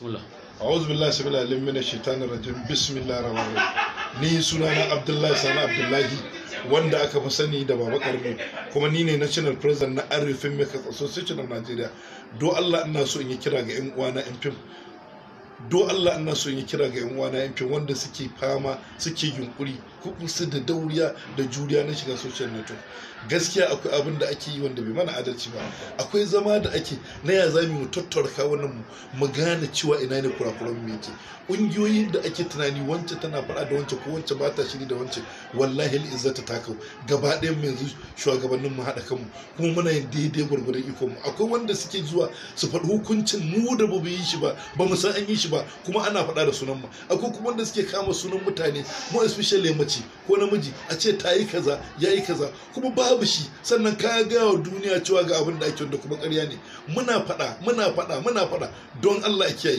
bismillah a'udhu ni sunana abdullahi sana abdullahi wanda aka fi sani da baba karbo kuma ni ne national president na arifin makers association of nigeria do allah ina so in yi kira ga yan yan fim do allah ina so in yi kira ga yan uwana yan fim wanda suke fama suke yunkuri kubusu da dauriya da juriya na shiga social network gaskiya akwai abin da ake yi wanda bai mana adalci ba akwai zama da ake na ya zami mu tattarka wannan mu gane cewa ina ne kurakuran mu yake ƙungiyoyin da ake tunani wance tana faɗa da wance ko wance ba ta shiri da wance wallahi izzata ta taka gaba ɗayan mu yanzu shugabannin mu haɗa kanmu kuma muna yin daidai gwargwadon iko mu akwai wanda suke zuwa su faɗi hukuncin mu da ba mu yi shi ba ba mu san an yi shi ba kuma ana faɗa da sunan mu akwai kuma wanda suke kama sunan mutane mu especially mace ko namiji a ce ta yi kaza ya yi kaza kuma babu shi sannan ka gaya wa duniya cewa ga abin da ake wanda kuma karya ne muna faɗa muna faɗa muna faɗa don Allah a kiyaye